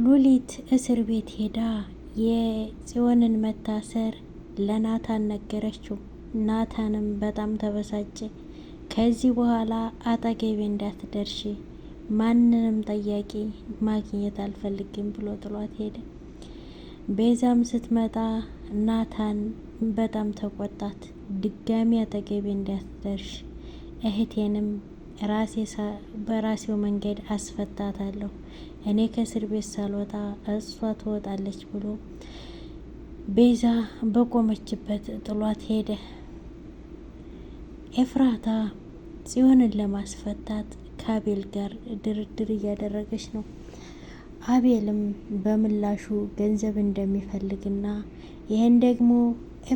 ሉሊት እስር ቤት ሄዳ የጽዮንን መታሰር ለናታን ነገረችው። ናታንም በጣም ተበሳጨ። ከዚህ በኋላ አጠገቤ እንዳትደርሺ፣ ማንንም ጠያቂ ማግኘት አልፈልግም ብሎ ጥሏት ሄደ። ቤዛም ስትመጣ ናታን በጣም ተቆጣት። ድጋሚ አጠገቤ እንዳትደርሽ እህቴንም በራሴው መንገድ አስፈታታለሁ። እኔ ከእስር ቤት ሳልወጣ እሷ ትወጣለች ብሎ ቤዛ በቆመችበት ጥሏት ሄደ። ኤፍራታ ጽዮንን ለማስፈታት ከአቤል ጋር ድርድር እያደረገች ነው። አቤልም በምላሹ ገንዘብ እንደሚፈልግና ይህን ደግሞ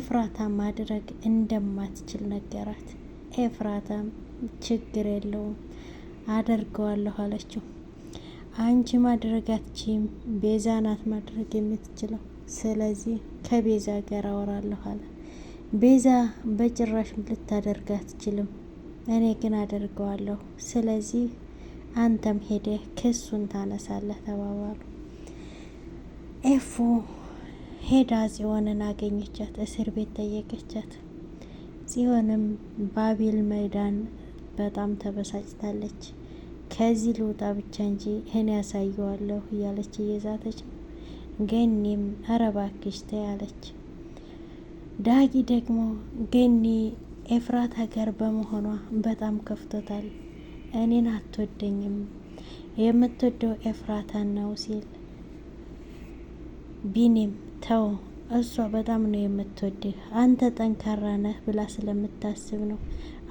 ኤፍራታ ማድረግ እንደማትችል ነገራት። ኤፍራታም ችግር የለውም አደርገዋለሁ አለችው። አንቺ ማድረግ አትችይም፣ ቤዛ ናት ማድረግ የምትችለው። ስለዚህ ከቤዛ ጋር አወራለሁ አለ። ቤዛ በጭራሽ ልታደርግ አትችልም፣ እኔ ግን አደርገዋለሁ። ስለዚህ አንተም ሄደህ ክሱን ታነሳለህ ተባባሉ። ኤፉ ሄዳ ጽዮንን አገኘቻት፣ እስር ቤት ጠየቀቻት። ጽዮንም ባቢል መዳን በጣም ተበሳጭታለች። ከዚህ ልውጣ ብቻ እንጂ እኔ ያሳየዋለሁ እያለች እየዛተች ነው። ገኒም ኧረ ተያለች። ዳጊ ደግሞ ገኒ ኤፍራት ሀገር በመሆኗ በጣም ከፍቶታል። እኔን አትወደኝም የምትወደው ኤፍራታን ነው ሲል ቢኒም ተው እሷ በጣም ነው የምትወድህ አንተ ጠንካራ ነህ ብላ ስለምታስብ ነው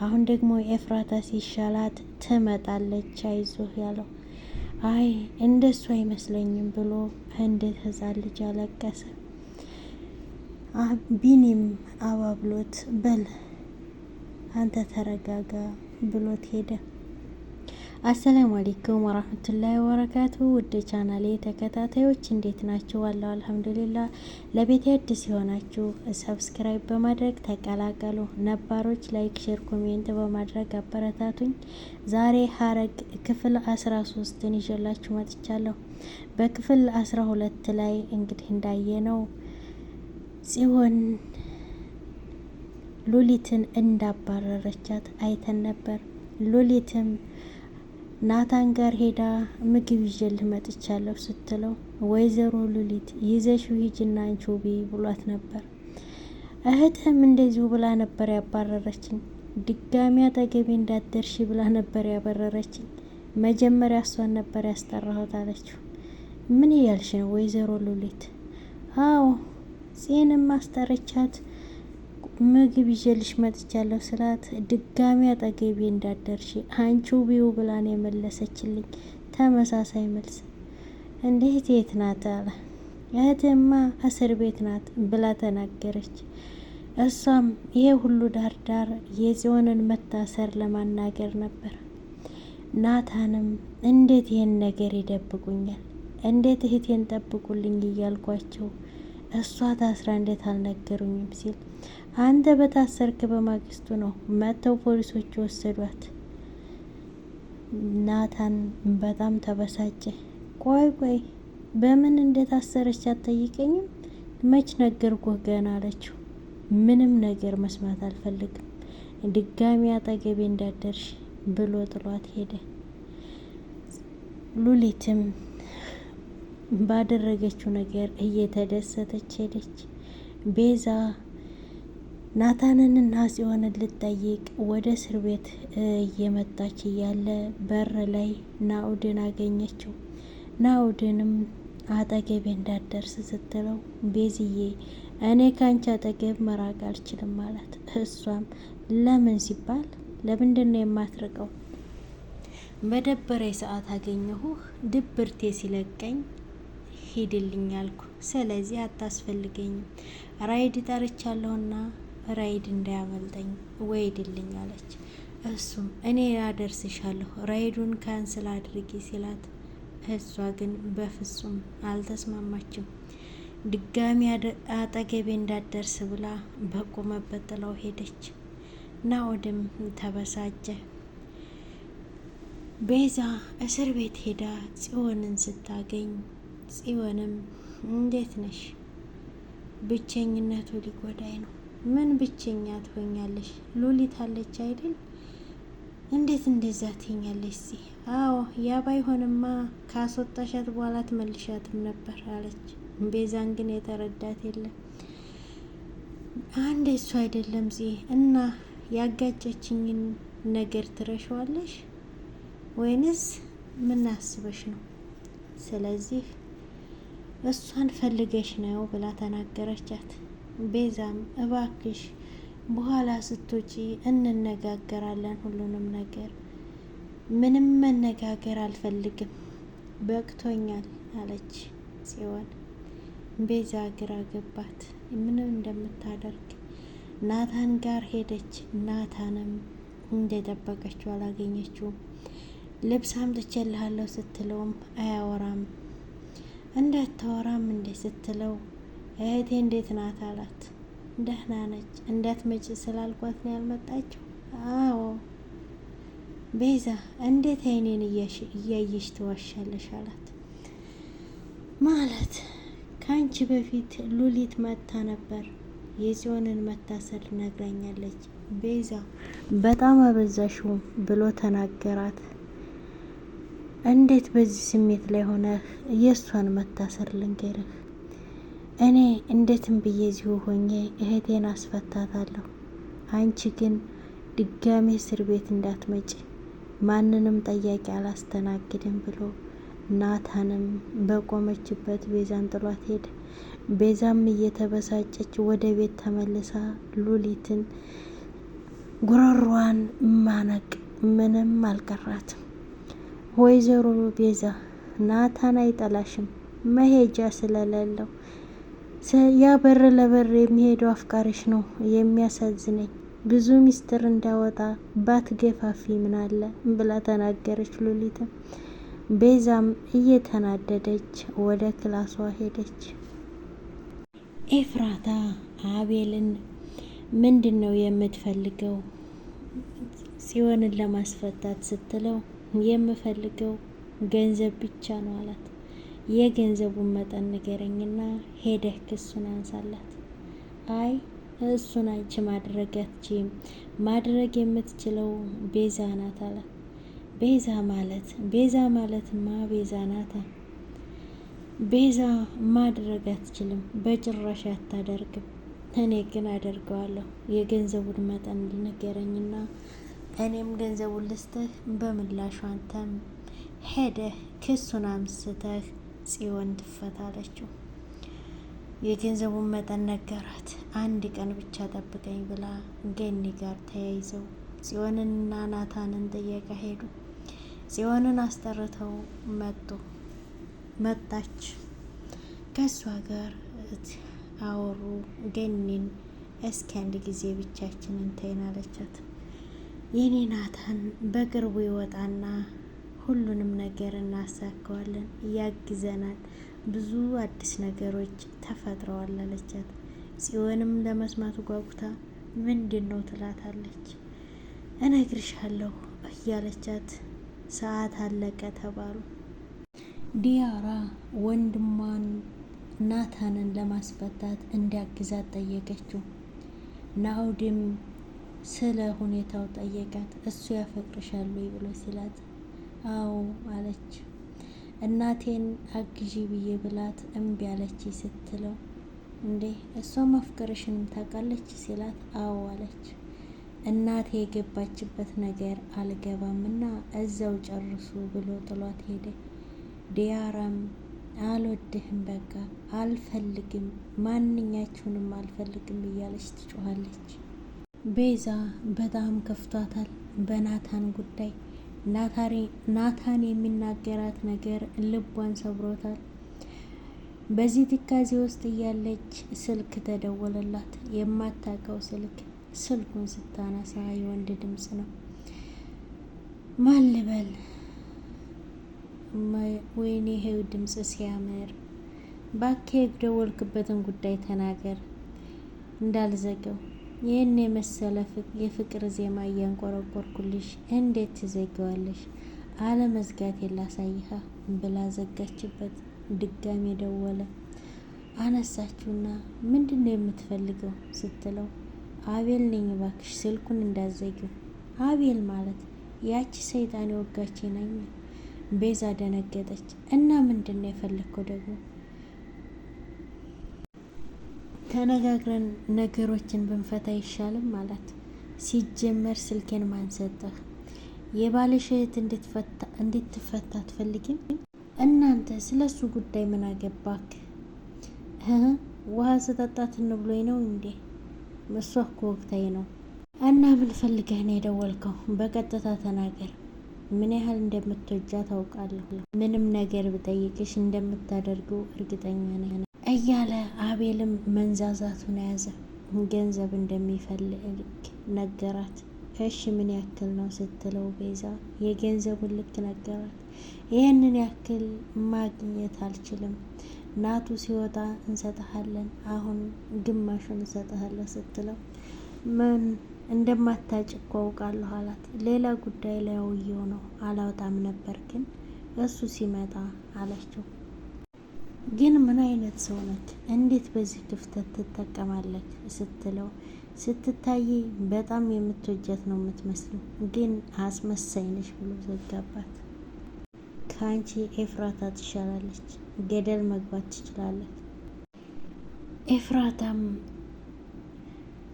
አሁን ደግሞ ኤፍራታ ሲሻላት ትመጣለች አይዞህ ያለው አይ እንደሱ አይመስለኝም ብሎ እንደ ህፃን ልጅ አለቀሰ። ቢኒም አባብሎት በል አንተ ተረጋጋ ብሎት ሄደ። አሰላሙ አሌይኩም ወራህመቱላሂ ወበረካቱ። ውድ ቻናሌ ተከታታዮች እንዴት ናችሁ? አለሁ አልሐምዱሊላ ለቤት አዲስ የሆናችሁ ሰብስክራይብ በማድረግ ተቀላቀሉ። ነባሮች ላይክ፣ ሼር፣ ኮሜንት በማድረግ አበረታቱኝ። ዛሬ ሀረግ ክፍል አስራ ሶስትን ይዤላችሁ መጥቻለሁ። በክፍል አስራ ሁለት ላይ እንግዲህ እንዳየነው ጽዮን ሉሊትን እንዳባረረቻት አይተን ነበር። ሉሊትም ናታን ጋር ሄዳ ምግብ ይዤልህ መጥቻለሁ ስትለው ወይዘሮ ሉሊት ይዘሽ ሂጂና አንቺ ውቢ ብሏት ነበር። እህትህም እንደዚሁ ብላ ነበር ያባረረችኝ። ድጋሚ አጠገቢ እንዳደርሽ ብላ ነበር ያበረረችኝ። መጀመሪያ እሷን ነበር ያስጠራሁት አለችው። ምን እያልሽ ነው ወይዘሮ ሉሊት? አዎ ጽዮንም አስጠርቻት ምግብ ይዤልሽ መጥቻለሁ ስላት ድጋሚ አጠገቤ እንዳደርሽ አንቺው ቢው ብላን የመለሰችልኝ ተመሳሳይ መልስ። እንዴት የት ናት አለ። እህትማ እስር ቤት ናት ብላ ተናገረች። እሷም ይሄ ሁሉ ዳር ዳር የጽዮንን መታሰር ለማናገር ነበር። ናታንም እንዴት ይህን ነገር ይደብቁኛል? እንዴት እህቴን ጠብቁልኝ እያልኳቸው እሷ ታስራ እንዴት አልነገሩኝም ሲል አንተ በታሰርክ በማግስቱ ነው መጥተው ፖሊሶች ወሰዷት ናታን በጣም ተበሳጨ። ቆይ ቆይ በምን እንደታሰረች አትጠይቀኝም? መች ነገርኩ ገና አለችው። ምንም ነገር መስማት አልፈልግም ድጋሚ አጠገቤ እንዳደርሽ ብሎ ጥሏት ሄደ። ሉሊትም ባደረገችው ነገር እየተደሰተች ሄደች። ቤዛ ናታንንና ጽዮንን ልጠይቅ ወደ እስር ቤት እየመጣች እያለ በር ላይ ናኡድን አገኘችው። ናኡድንም አጠገቤ እንዳደርስ ስትለው ቤዝዬ እኔ ከአንቺ አጠገብ መራቅ አልችልም ማለት እሷም ለምን ሲባል ለምንድን ነው የማትርቀው? በደበረ ሰዓት አገኘሁህ ድብርቴ ሲለቀኝ ሄድልኝ አልኩ። ስለዚህ አታስፈልገኝም ራይድ ጠርቻለሁና ራይድ እንዳያመልጠኝ ወይድልኝ አለች። እሱም እኔ አደርስሻለሁ ራይዱን ካንስል አድርጊ ሲላት፣ እሷ ግን በፍጹም አልተስማማችም። ድጋሚ አጠገቤ እንዳትደርስ ብላ በቆመበት ጥላው ሄደች። ናኦድም ተበሳጨ። ቤዛ እስር ቤት ሄዳ ጽዮንን ስታገኝ ጽዮንም እንዴት ነሽ? ብቸኝነቱ ሊጎዳኝ ነው። ምን ብቸኛ ትሆኛለሽ? ሉሊት አለች አይደል? እንዴት እንደዛ ትኛለሽ? ሲ አዎ፣ ያ ባይሆንማ ካስወጣሻት በኋላ ትመልሻትም ነበር አለች። ቤዛን ግን የተረዳት የለም። አንድ እሱ አይደለም ዜ እና ያጋጨችኝን ነገር ትረሸዋለሽ ወይንስ ምን አስበሽ ነው? ስለዚህ እሷን ፈልገሽ ነው ብላ ተናገረቻት። ቤዛም እባክሽ በኋላ ስትውጪ እንነጋገራለን ሁሉንም ነገር ምንም መነጋገር አልፈልግም በቅቶኛል አለች ሲሆን ቤዛ ግራ ገባት። ምንም እንደምታደርግ ናታን ጋር ሄደች። ናታንም እንደጠበቀችው አላገኘችውም። ልብስ አምጥቼልሃለሁ ስትለውም አያወራም። እንዳታወራም እንዴ ስትለው እህቴ እንዴት ናት አላት። ደህና ነች። እንዳትመጪ ስላልኳት ነው ያልመጣችው። አዎ ቤዛ እንዴት አይኔን እያየሽ ትዋሻለሽ አላት። ማለት ከአንቺ በፊት ሉሊት መታ ነበር የጽዮንን መታሰር ነግራኛለች። ቤዛ በጣም አበዛሽው ብሎ ተናገራት። እንዴት በዚህ ስሜት ላይ ሆነህ የእሷን መታሰር ልንገርህ? እኔ እንዴትም ብዬ እዚሁ ሆኜ እህቴን አስፈታታለሁ። አንቺ ግን ድጋሚ እስር ቤት እንዳትመጪ ማንንም ጠያቂ አላስተናግድም ብሎ ናታንም በቆመችበት ቤዛን ጥሏት ሄደ። ቤዛም እየተበሳጨች ወደ ቤት ተመልሳ ሉሊትን ጉሮሯን ማነቅ ምንም አልቀራትም። ወይዘሮ ቤዛ ናታን አይጠላሽም መሄጃ ስለሌለው ያ በር ለበር የሚሄደው አፍቃሪሽ ነው የሚያሳዝነኝ። ብዙ ሚስጥር እንዳወጣ ባትገፋፊ አለ ብላ ተናገረች። ሉሊትም ቤዛም እየተናደደች ወደ ክላሷ ሄደች። ኤፍራታ አቤልን ምንድን ነው የምትፈልገው? ጽዮንን ለማስፈታት ስትለው የምፈልገው ገንዘብ ብቻ ነው አላት። የገንዘቡን መጠን ንገረኝና ሄደህ ክሱን አንሳላት። አይ እሱን አንቺ ማድረግ አትችይም፣ ማድረግ የምትችለው ቤዛ ናት አላት። ቤዛ ማለት ቤዛ ማለት ማ ቤዛ ናታ። ቤዛ ማድረግ አትችልም፣ በጭራሽ አታደርግም። እኔ ግን አደርገዋለሁ። የገንዘቡን መጠን ንገረኝና እኔም ገንዘቡን ልስጥህ፣ በምላሹ አንተም ሄደህ ክሱን አምስተህ ጽዮን ትፈታለችው። የገንዘቡን መጠን ነገራት። አንድ ቀን ብቻ ጠብቀኝ ብላ ገኒ ጋር ተያይዘው ጽዮንንና ናታንን ጥየቃ ሄዱ። ጽዮንን አስጠርተው መጡ። መጣች ከእሷ ጋር አወሩ። ገኒን እስኪ አንድ ጊዜ ብቻችንን ተይናለቻት። የኔ ናታን በቅርቡ ይወጣና ሁሉንም ነገር እናሳካዋለን፣ ያግዘናል፣ ብዙ አዲስ ነገሮች ተፈጥረዋል አለቻት። ጽዮንም ለመስማት ጓጉታ ምንድን ነው ትላታለች። እነግርሻለሁ እያለቻት ሰዓት አለቀ ተባሉ። ዲያራ ወንድሟን ናታንን ለማስፈታት እንዲያግዛት ጠየቀችው። ናውዲም ስለ ሁኔታው ጠየቃት። እሱ ያፈቅርሻል ወይ ብሎ ሲላት አዎ አለች። እናቴን አግዢ ብዬ ብላት እምቢ አለች ስትለው እንዴ እሷ ማፍቀርሽን ታውቃለች ሲላት አዎ አለች። እናቴ የገባችበት ነገር አልገባምና እዛው ጨርሱ ብሎ ጥሏት ሄደ። ዲያራም አልወድህም፣ በቃ አልፈልግም፣ ማንኛችሁንም አልፈልግም እያለች ትጮኋለች። ቤዛ በጣም ከፍቷታል በናታን ጉዳይ። ናታን የሚናገራት ነገር ልቧን ሰብሮታል። በዚህ ትካዜ ውስጥ እያለች ስልክ ተደወለላት። የማታውቀው ስልክ። ስልኩን ስታነሳ የወንድ ድምጽ ነው። ማን ልበል? ወይኔ ይሄው ድምፅ ሲያምር! ባካሄድ ደወልክበትን ጉዳይ ተናገር እንዳልዘገው ይህን የመሰለ የፍቅር ዜማ እያንቆረቆርኩልሽ እንዴት ትዘጊዋለሽ? አለመዝጋት የላሳይሃ ብላ ዘጋችበት። ድጋሜ ደወለ። አነሳችሁና ምንድን ነው የምትፈልገው ስትለው አቤል ነኝ እባክሽ ስልኩን እንዳዘጊው። አቤል ማለት ያቺ ሰይጣን የወጋች ነኝ። ቤዛ ደነገጠች። እና ምንድን ነው የፈለግከው ደግሞ ተነጋግረን ነገሮችን ብንፈታ አይሻልም አላት። ሲጀመር ስልኬን ማንሰጠህ የባልሽ እህት እንድትፈታ አትፈልጊም? እናንተ ስለ እሱ ጉዳይ ምን አገባክ? ውሃ ስጠጣት እንብሎኝ ነው እንዴ? እሷ እኮ ወቅታዊ ነው። እና ምን ፈልገህ ነው የደወልከው? በቀጥታ ተናገር። ምን ያህል እንደምትወጃ ታውቃለሁ። ምንም ነገር ብጠይቅሽ እንደምታደርገው እርግጠኛ ነኝ። እያለ አቤልም መንዛዛቱን ያዘ። ገንዘብ እንደሚፈልግ ነገራት። እሺ ምን ያክል ነው ስትለው ቤዛ የገንዘቡን ልክ ነገራት። ይህንን ያክል ማግኘት አልችልም፣ ናቱ ሲወጣ እንሰጥሃለን፣ አሁን ግማሹን እንሰጥሃለን ስትለው ምን እንደማታጭ እኮ አውቃለሁ አላት። ሌላ ጉዳይ ላይ አውየው ነው አላውጣም ነበር፣ ግን እሱ ሲመጣ አለችው። ግን ምን አይነት ሰው ነች? እንዴት በዚህ ክፍተት ትጠቀማለች? ስትለው ስትታይ በጣም የምትወጃት ነው የምትመስለው፣ ግን አስመሳይ ነች ብሎ ዘጋባት። ከአንቺ ኤፍራታ ትሻላለች፣ ገደል መግባት ትችላለች። ኤፍራታም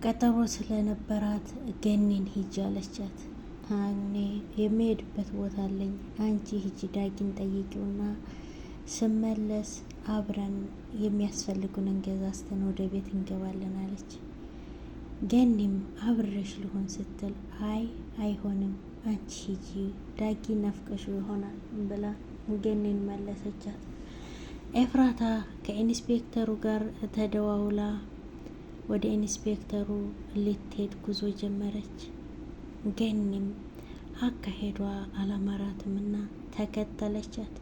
ቀጠሮ ስለነበራት ገኒን ሂጅ አለቻት። እኔ የሚሄድበት ቦታ አለኝ፣ አንቺ ሂጅ ዳጊን ጠይቂውና ስመለስ አብረን የሚያስፈልጉንን ገዝተን ወደ ቤት እንገባለን አለች። ገኒም አብረሽ ልሆን ስትል አይ አይሆንም፣ አንቺ ሂጂ ዳጊ ናፍቀሹ ይሆናል ብላ ገኒን መለሰቻት። ኤፍራታ ከኢንስፔክተሩ ጋር ተደዋውላ ወደ ኢንስፔክተሩ ልትሄድ ጉዞ ጀመረች። ገኒም አካሄዷ አላማራትምና ተከተለቻት።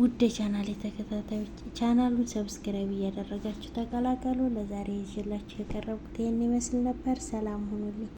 ውድ ቻናል የተከታታዮች ቻናሉን ሰብስክራይብ እያደረጋችሁ ተቀላቀሉ። ለዛሬ ይዤላችሁ የቀረብኩት ይህን ይመስል ነበር። ሰላም ሁኑልኝ።